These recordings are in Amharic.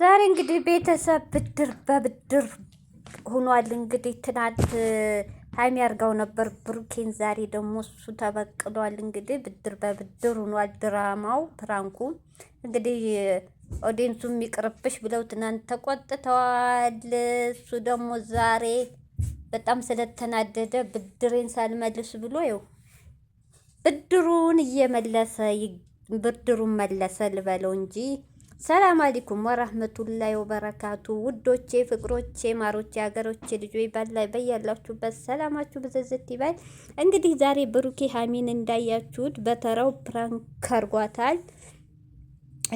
ዛሬ እንግዲህ ቤተሰብ ብድር በብድር ሆኗል። እንግዲህ ትናንት ሀይሚ ያርጋው ነበር ብሩኬን፣ ዛሬ ደግሞ እሱ ተበቅሏል። እንግዲህ ብድር በብድር ሆኗል ድራማው ፕራንኩ። እንግዲህ ኦዲንሱ የሚቅርብሽ ብለው ትናንት ተቆጥተዋል። እሱ ደግሞ ዛሬ በጣም ስለተናደደ ብድሬን ሳልመልስ ብሎ ይኸው ብድሩን እየመለሰ ብድሩን መለሰ ልበለው እንጂ ሰላም አለይኩም ወራህመቱላሂ ወበረካቱ ውዶቼ፣ ፍቅሮቼ፣ ማሮቼ፣ ሀገሮቼ ልጆች ባላይ በያላችሁበት ሰላማችሁ ብዝዝት ይባል። እንግዲህ ዛሬ ብሩኬ ሀሚን እንዳያችሁት በተራው ፕራንክ አርጓታል።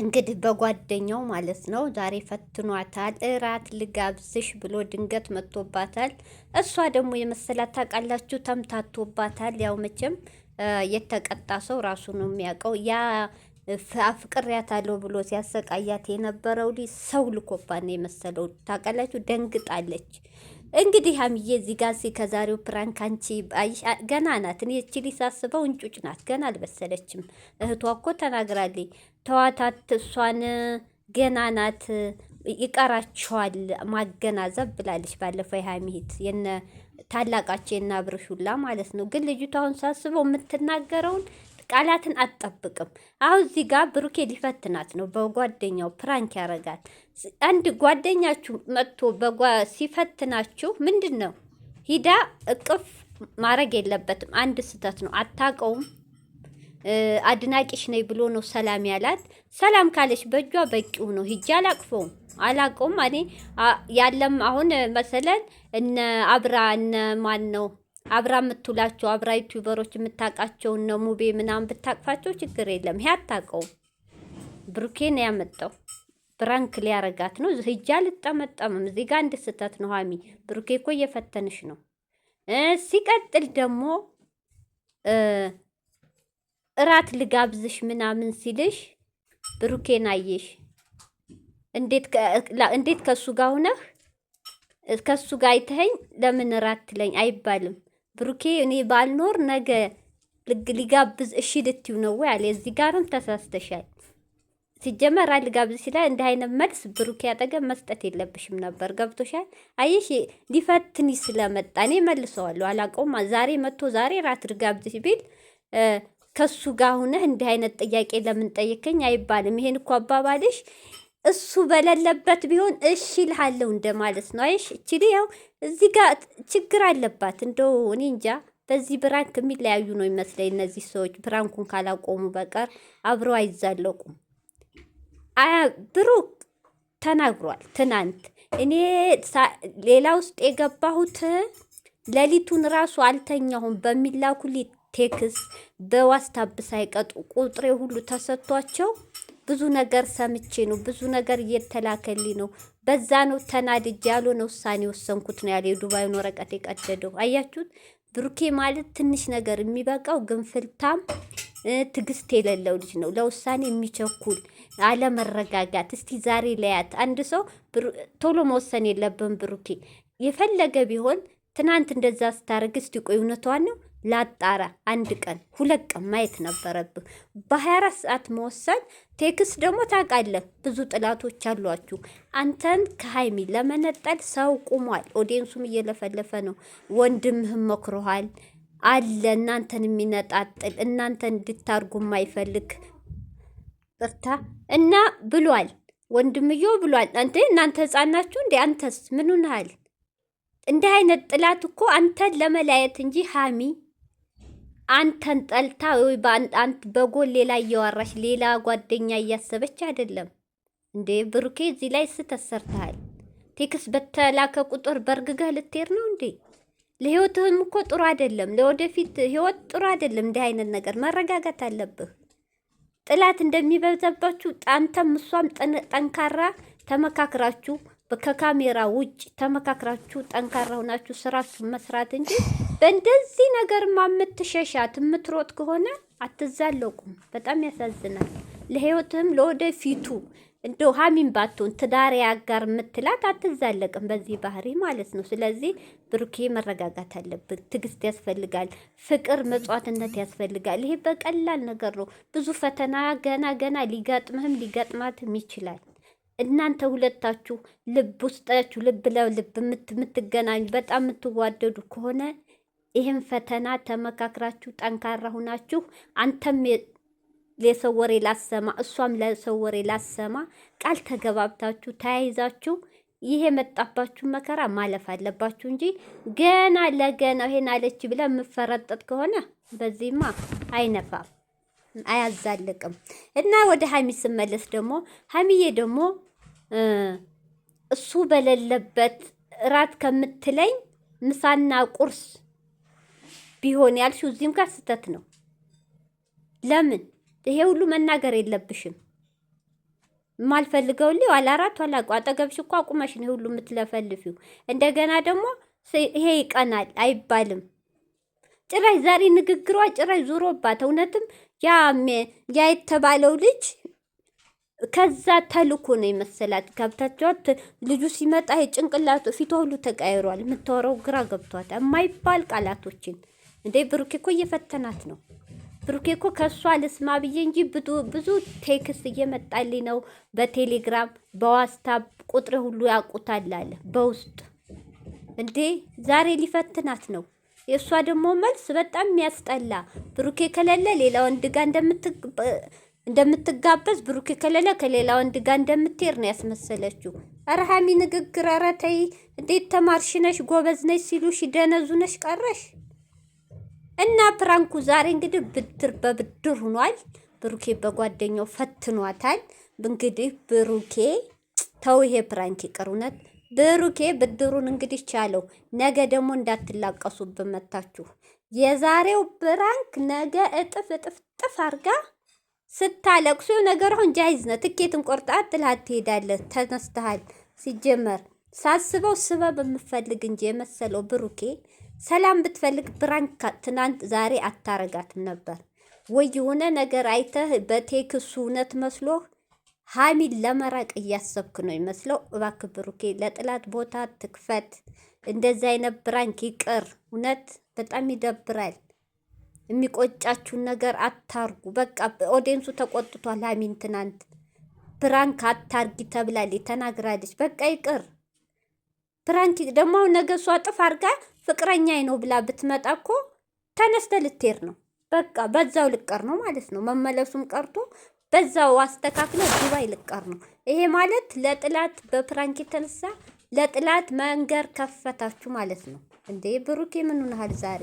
እንግዲህ በጓደኛው ማለት ነው። ዛሬ ፈትኗታል። እራት ልጋብዝሽ ብሎ ድንገት መጥቶባታል። እሷ ደግሞ የመሰላት ታውቃላችሁ፣ ተምታቶባታል። ያው መቼም የተቀጣ ሰው ራሱ ነው የሚያውቀው ያ አፍቅሬያታለሁ ብሎ ሲያሰቃያት የነበረው ዲ ሰው ልኮባን የመሰለው ታውቃላችሁ። ደንግጣለች። እንግዲህ ሀምዬ እዚህ ጋር ሲ ከዛሬው ፕራንክ አንቺ ገና ናት። እኔ እቺ ልጅ ሳስበው እንጩጭ ናት፣ ገና አልበሰለችም። እህቷ እኮ ተናግራለች። ተዋታት፣ እሷን ገና ናት፣ ይቀራቸዋል ማገናዘብ ብላለች። ባለፈው የሀሚሂት የነ ታላቃቸው የና ብርሹላ ማለት ነው። ግን ልጅቷ አሁን ሳስበው የምትናገረውን ቃላትን አትጠብቅም። አሁን እዚህ ጋር ብሩኬ ሊፈትናት ነው። በጓደኛው ፕራንክ ያረጋል። አንድ ጓደኛችሁ መጥቶ ሲፈትናችሁ ምንድን ነው ሂዳ እቅፍ ማድረግ የለበትም። አንድ ስህተት ነው። አታውቀውም። አድናቂሽ ነኝ ብሎ ነው ሰላም ያላት። ሰላም ካለች በእጇ በቂው ነው። ሂጂ አላቅፈውም አላቀውም እኔ ያለም አሁን መሰለን እነ አብራ እነ ማን ነው አብራ የምትውላቸው አብራ ዩቲዩበሮች የምታውቃቸውን ነው ሙቤ ምናምን ብታቅፋቸው ችግር የለም። ይሄ አታውቀውም። ብሩኬን ያመጣው ብራንክ ሊያረጋት ነው። ህጃ አልጠመጠምም። እዚህ ጋር አንድ ስህተት ነው ሀሚ። ብሩኬ እኮ እየፈተንሽ ነው። ሲቀጥል ደግሞ እራት ልጋብዝሽ ምናምን ሲልሽ ብሩኬን አየሽ እንዴት ከእሱ ጋር ሁነህ ከእሱ ጋር አይተኸኝ ለምን እራት ትለኝ አይባልም። ብሩኬ እኔ ባልኖር ነገ ሊጋብዝ እሺ ልትዩ ነው ወይ አለ። እዚህ ጋርም ተሳስተሻል። ሲጀመር ልጋብዝ ሲላል እንደ አይነት መልስ ብሩኬ አጠገብ መስጠት የለብሽም ነበር። ገብቶሻል? አየሽ ሊፈትኒ ስለመጣ እኔ መልሰዋለሁ። አላውቀውም። ዛሬ መጥቶ ዛሬ ራት ልጋብዝ ቢል ከሱ ጋር ሁነህ እንዲህ አይነት ጥያቄ ለምን ጠየከኝ አይባልም። ይሄን እኮ አባባልሽ እሱ በሌለበት ቢሆን እሺ እልሃለሁ እንደማለት ነው። አይሽ እችል ያው እዚህ ጋር ችግር አለባት። እንደው እኔ እንጃ በዚህ ብራንክ የሚለያዩ ነው ይመስለኝ። እነዚህ ሰዎች ብራንኩን ካላቆሙ በቀር አብረው አይዛለቁም። ብሩክ ተናግሯል ትናንት። እኔ ሌላ ውስጥ የገባሁት ሌሊቱን ራሱ አልተኛሁም በሚላኩልኝ ቴክስ በዋስታብ ሳይቀጡ ቁጥሬ ሁሉ ተሰጥቷቸው ብዙ ነገር ሰምቼ ነው፣ ብዙ ነገር እየተላከልኝ ነው። በዛ ነው ተናድጄ ያልሆነ ውሳኔ ወሰንኩት ነው ያለ የዱባዩን ወረቀት የቀደደው። አያችሁት? ብሩኬ ማለት ትንሽ ነገር የሚበቃው ግንፍልታም ትግስት የሌለው ልጅ ነው። ለውሳኔ የሚቸኩል አለመረጋጋት። እስቲ ዛሬ ለያት አንድ ሰው ቶሎ መወሰን የለብን ብሩኬ የፈለገ ቢሆን ትናንት እንደዛ ስታደርግ እስቲ ቆይ እውነቷን ነው ላጣራ አንድ ቀን ሁለት ቀን ማየት ነበረብህ። በ24 ሰዓት መወሰን ቴክስ ደግሞ ታውቃለህ፣ ብዙ ጥላቶች አሏችሁ። አንተን ከሀይሚ ለመነጠል ሰው ቁሟል። ኦዲንሱም እየለፈለፈ ነው። ወንድምህም መክሮሃል አለ እናንተን የሚነጣጥል እናንተን እንድታርጉ የማይፈልግ ቅርታ እና ብሏል። ወንድምዮ ብሏል። አንተ እናንተ ህፃን ናችሁ እንዴ? አንተስ ምን ሆነሃል? እንዲህ አይነት ጥላት እኮ አንተን ለመለያየት እንጂ ሀሚ አንተን ጠልታ ወይ በአንድ በጎን ሌላ እያወራች ሌላ ጓደኛ እያሰበች አይደለም እንዴ? ብሩኬ እዚህ ላይ ስተሰርተሃል። ቴክስ በተላከ ቁጥር በእርግገህ ልትሄድ ነው እንዴ? ለህይወትህም እኮ ጥሩ አይደለም። ለወደፊት ህይወት ጥሩ አይደለም። እንዲህ አይነት ነገር መረጋጋት አለብህ። ጥላት እንደሚበዛባችሁ አንተም እሷም ጠንካራ ተመካክራችሁ ከካሜራ ውጭ ተመካክራችሁ ጠንካራ ሆናችሁ ስራችሁ መስራት እንጂ በእንደዚህ ነገርማ የምትሸሻት የምትሮጥ ከሆነ አትዛለቁም። በጣም ያሳዝናል። ለህይወትህም ለወደፊቱ እንደ ሀሚን ባትሆን ትዳር ያጋር የምትላት አትዛለቅም፣ በዚህ ባህሪ ማለት ነው። ስለዚህ ብሩኬ መረጋጋት አለብን። ትግስት ያስፈልጋል። ፍቅር መጽዋትነት ያስፈልጋል። ይሄ በቀላል ነገር ነው። ብዙ ፈተና ገና ገና ሊገጥምህም ሊገጥማትም ይችላል። እናንተ ሁለታችሁ ልብ ውስጣችሁ ልብ ለልብ የምትገናኙ በጣም የምትዋደዱ ከሆነ ይህን ፈተና ተመካክራችሁ ጠንካራ ሁናችሁ አንተም የሰው ወሬ ላሰማ እሷም ለሰው ወሬ ላሰማ ቃል ተገባብታችሁ ተያይዛችሁ ይሄ የመጣባችሁ መከራ ማለፍ አለባችሁ እንጂ ገና ለገና ይሄን አለች ብለ የምፈረጠጥ ከሆነ በዚህማ አይነፋም። አያዛልቅም። እና ወደ ሀሚ ስመለስ ደግሞ ሀሚዬ ደግሞ እሱ በሌለበት እራት ከምትለኝ ምሳና ቁርስ ቢሆን ያልሽው እዚህም ጋር ስህተት ነው። ለምን ይሄ ሁሉ መናገር የለብሽም። የማልፈልገው ልዩ ዋላ አራት ዋላ አጠገብሽ እኮ አቁመሽ ነው ሁሉ የምትለፈልፊው። እንደገና ደግሞ ይሄ ይቀናል አይባልም። ጭራሽ ዛሬ ንግግሯ ጭራሽ ዙሮባት እውነትም ያ ያ የተባለው ልጅ ከዛ ተልኮ ነው የመሰላት። ገብታችኋት ልጁ ሲመጣ የጭንቅላቱ ፊቷ ሁሉ ተቀይሯል። የምታወራው ግራ ገብቷት የማይባል ቃላቶችን እንዴ ብሩኬ እኮ እየፈተናት ነው። ብሩኬ እኮ ከእሷ ልስማ ብዬ እንጂ ብዙ ቴክስ እየመጣልኝ ነው በቴሌግራም በዋስታፕ ቁጥር ሁሉ ያውቁታል አለ በውስጥ እንዴ ዛሬ ሊፈትናት ነው። የእሷ ደግሞ መልስ በጣም የሚያስጠላ ብሩኬ ከሌለ ሌላ ወንድ ጋር እንደምትጋበዝ ብሩኬ ከሌለ ከሌላ ወንድ ጋር እንደምትሄድ ነው ያስመሰለችው። ኧረ ሀሚ ንግግር ኧረ ተይ! እንዴት ተማርሽ ነሽ ጎበዝ ነሽ ሲሉሽ ደነዙ ነሽ ቀረሽ። እና ፕራንኩ ዛሬ እንግዲህ ብድር በብድር ሆኗል። ብሩኬ በጓደኛው ፈትኗታል። እንግዲህ ብሩኬ ተው ይሄ ፕራንክ ይቅር እውነት ብሩኬ ብድሩን እንግዲህ ቻለው። ነገ ደግሞ እንዳትላቀሱ መታችሁ። የዛሬው ብራንክ ነገ እጥፍ እጥፍ ጥፍ አርጋ ስታለቅሱ ነገር አሁን ጃይዝ ነው። ትኬትን ቆርጣ ጥላት ትሄዳለህ። ተነስተሃል። ሲጀመር ሳስበው ስበብ የምፈልግ እንጂ የመሰለው ብሩኬ ሰላም ብትፈልግ ብራንክ ትናንት ዛሬ አታረጋትም ነበር ወይ? የሆነ ነገር አይተህ በቴክሱ እውነት መስሎህ ሀሚን ለመራቅ እያሰብክ ነው ይመስለው። እባክህ ብሩኬ ለጥላት ቦታ ትክፈት። እንደዚህ አይነት ብራንክ ይቅር። እውነት በጣም ይደብራል። የሚቆጫችሁን ነገር አታርጉ። በቃ ኦዲየንሱ ተቆጥቷል። ሀሚን ትናንት ፕራንክ አታርጊ ተብላለች፣ ተናግራለች። በቃ ይቅር። ፕራንክ ደግሞ ነገ እሷ ጥፍ አርጋ ፍቅረኛ ነው ብላ ብትመጣ እኮ ተነስተ ልትሄድ ነው። በቃ በዛው ልቀር ነው ማለት ነው። መመለሱም ቀርቶ በዛው አስተካክለ ዱባይ ልቀር ነው። ይሄ ማለት ለጥላት በፕራንክ የተነሳ ለጥላት መንገር ከፈታችሁ ማለት ነው። እንዴ ብሩኬ ምን ሆነሃል ዛሬ?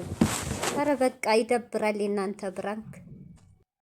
ኧረ በቃ ይደብራል የእናንተ ብራንክ።